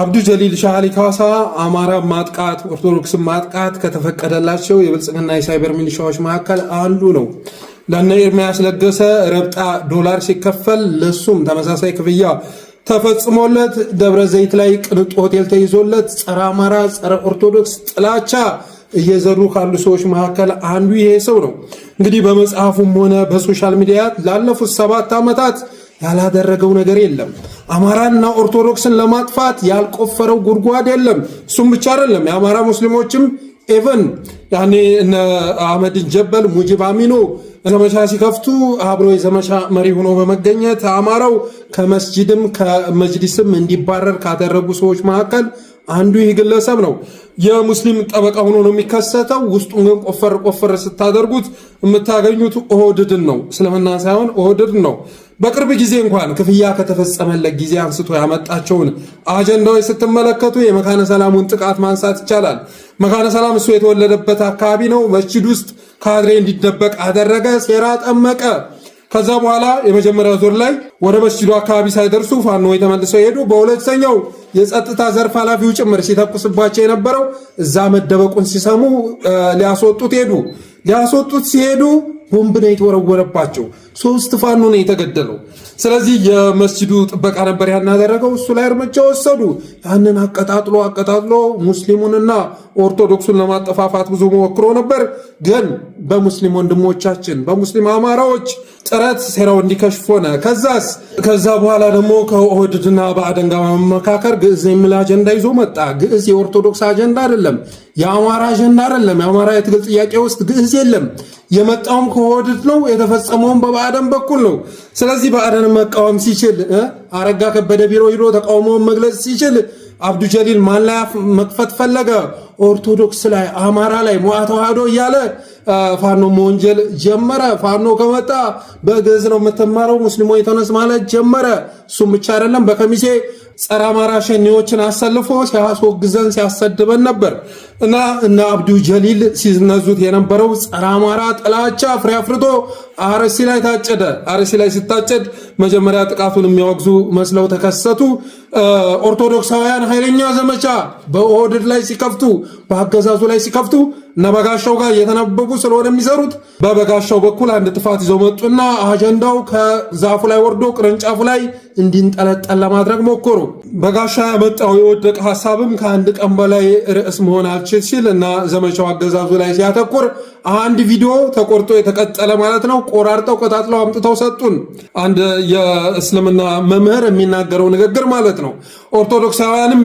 አብዱ ጀሊል ሻህ ካሳ አማራ ማጥቃት ኦርቶዶክስ ማጥቃት ከተፈቀደላቸው የብልጽግና የሳይበር ሚሊሻዎች መካከል አንዱ ነው። ለነ ኤርሚያስ ለገሰ ረብጣ ዶላር ሲከፈል ለሱም ተመሳሳይ ክፍያ ተፈጽሞለት ደብረ ዘይት ላይ ቅንጡ ሆቴል ተይዞለት ጸረ አማራ፣ ጸረ ኦርቶዶክስ ጥላቻ እየዘሩ ካሉ ሰዎች መካከል አንዱ ይሄ ሰው ነው። እንግዲህ በመጽሐፉም ሆነ በሶሻል ሚዲያ ላለፉት ሰባት ዓመታት ያላደረገው ነገር የለም። አማራና ኦርቶዶክስን ለማጥፋት ያልቆፈረው ጉድጓድ የለም። እሱም ብቻ አይደለም። የአማራ ሙስሊሞችም ኤቨን ያኔ እነ አህመድን ጀበል ሙጂብ አሚኖ ዘመቻ ሲከፍቱ አብሮ የዘመቻ መሪ ሆኖ በመገኘት አማራው ከመስጅድም ከመጅሊስም እንዲባረር ካደረጉ ሰዎች መካከል አንዱ ይህ ግለሰብ ነው። የሙስሊም ጠበቃ ሆኖ ነው የሚከሰተው። ውስጡን ግን ቆፈር ቆፈር ስታደርጉት የምታገኙት ኦህድድን ነው። እስልምና ሳይሆን ኦህድድን ነው። በቅርብ ጊዜ እንኳን ክፍያ ከተፈጸመለት ጊዜ አንስቶ ያመጣቸውን አጀንዳዎች ስትመለከቱ የመካነ ሰላሙን ጥቃት ማንሳት ይቻላል። መካነ ሰላም እሱ የተወለደበት አካባቢ ነው። መስጂድ ውስጥ ካድሬ እንዲደበቅ አደረገ፣ ሴራ ጠመቀ። ከዛ በኋላ የመጀመሪያው ዙር ላይ ወደ መስጂዱ አካባቢ ሳይደርሱ ፋኖ ተመልሰው ሄዱ። በሁለተኛው የጸጥታ ዘርፍ ኃላፊው ጭምር ሲተኩስባቸው የነበረው እዛ መደበቁን ሲሰሙ ሊያስወጡት ሄዱ። ሊያስወጡት ሲሄዱ ቦምብ ነው የተወረወረባቸው። ሶስት ፋኖ ነው የተገደለው። ስለዚህ የመስጂዱ ጥበቃ ነበር ያን ያደረገው። እሱ ላይ እርምጃ ወሰዱ። ያንን አቀጣጥሎ አቀጣጥሎ ሙስሊሙንና ኦርቶዶክሱን ለማጠፋፋት ብዙ ሞክሮ ነበር። ግን በሙስሊም ወንድሞቻችን በሙስሊም አማራዎች ጥረት ሴራው እንዲከሽፍ ሆነ። ከዛስ ከዛ በኋላ ደግሞ ከኦህድድና በአደን ጋር መመካከር ግዕዝ የሚል አጀንዳ ይዞ መጣ። ግዕዝ የኦርቶዶክስ አጀንዳ አይደለም፣ የአማራ አጀንዳ አይደለም። የአማራ የትግል ጥያቄ ውስጥ ግዕዝ የለም። የመጣውም ከኦህድድ ነው የተፈጸመውም በበ በአደም በኩል ነው። ስለዚህ በአደን መቃወም ሲችል አረጋ ከበደ ቢሮ ሂዶ ተቃውሞውን መግለጽ ሲችል አብዱ ጀሊል ማን ላይ መክፈት ፈለገ? ኦርቶዶክስ ላይ፣ አማራ ላይ፣ ሞዓ ተዋህዶ እያለ ፋኖ መወንጀል ጀመረ። ፋኖ ከመጣ በግዕዝ ነው የምትማረው ሙስሊሞ የተነስ ማለት ጀመረ። እሱም ብቻ አይደለም በከሚሴ ጸረ አማራ ሸኔዎችን አሰልፎ ሲያስወግዘን ሲያሰድበን ነበር እና እነ አብዱ ጀሊል ሲነዙት የነበረው ጸረ አማራ ጥላቻ ፍሬ አፍርቶ አርሲ ላይ ታጨደ። አርሲ ላይ ሲታጨድ መጀመሪያ ጥቃቱን የሚያወግዙ መስለው ተከሰቱ። ኦርቶዶክሳውያን ኃይለኛ ዘመቻ በኦህዴድ ላይ ሲከፍቱ፣ በአገዛዙ ላይ ሲከፍቱ እነ በጋሻው ጋር እየተነበቡ ስለሆነ የሚሰሩት በበጋሻው በኩል አንድ ጥፋት ይዘው መጡና አጀንዳው ከዛፉ ላይ ወርዶ ቅርንጫፉ ላይ እንዲንጠለጠል ለማድረግ ሞከሩ። በጋሻ ያመጣው የወደቀ ሀሳብም ከአንድ ቀን በላይ ርዕስ መሆን አልችል ሲል እና ዘመቻው አገዛዙ ላይ ሲያተኩር አንድ ቪዲዮ ተቆርጦ የተቀጠለ ማለት ነው ቆራርጠው ቀጣጥለው አምጥተው ሰጡን። አንድ የእስልምና መምህር የሚናገረው ንግግር ማለት ነው። ኦርቶዶክሳውያንም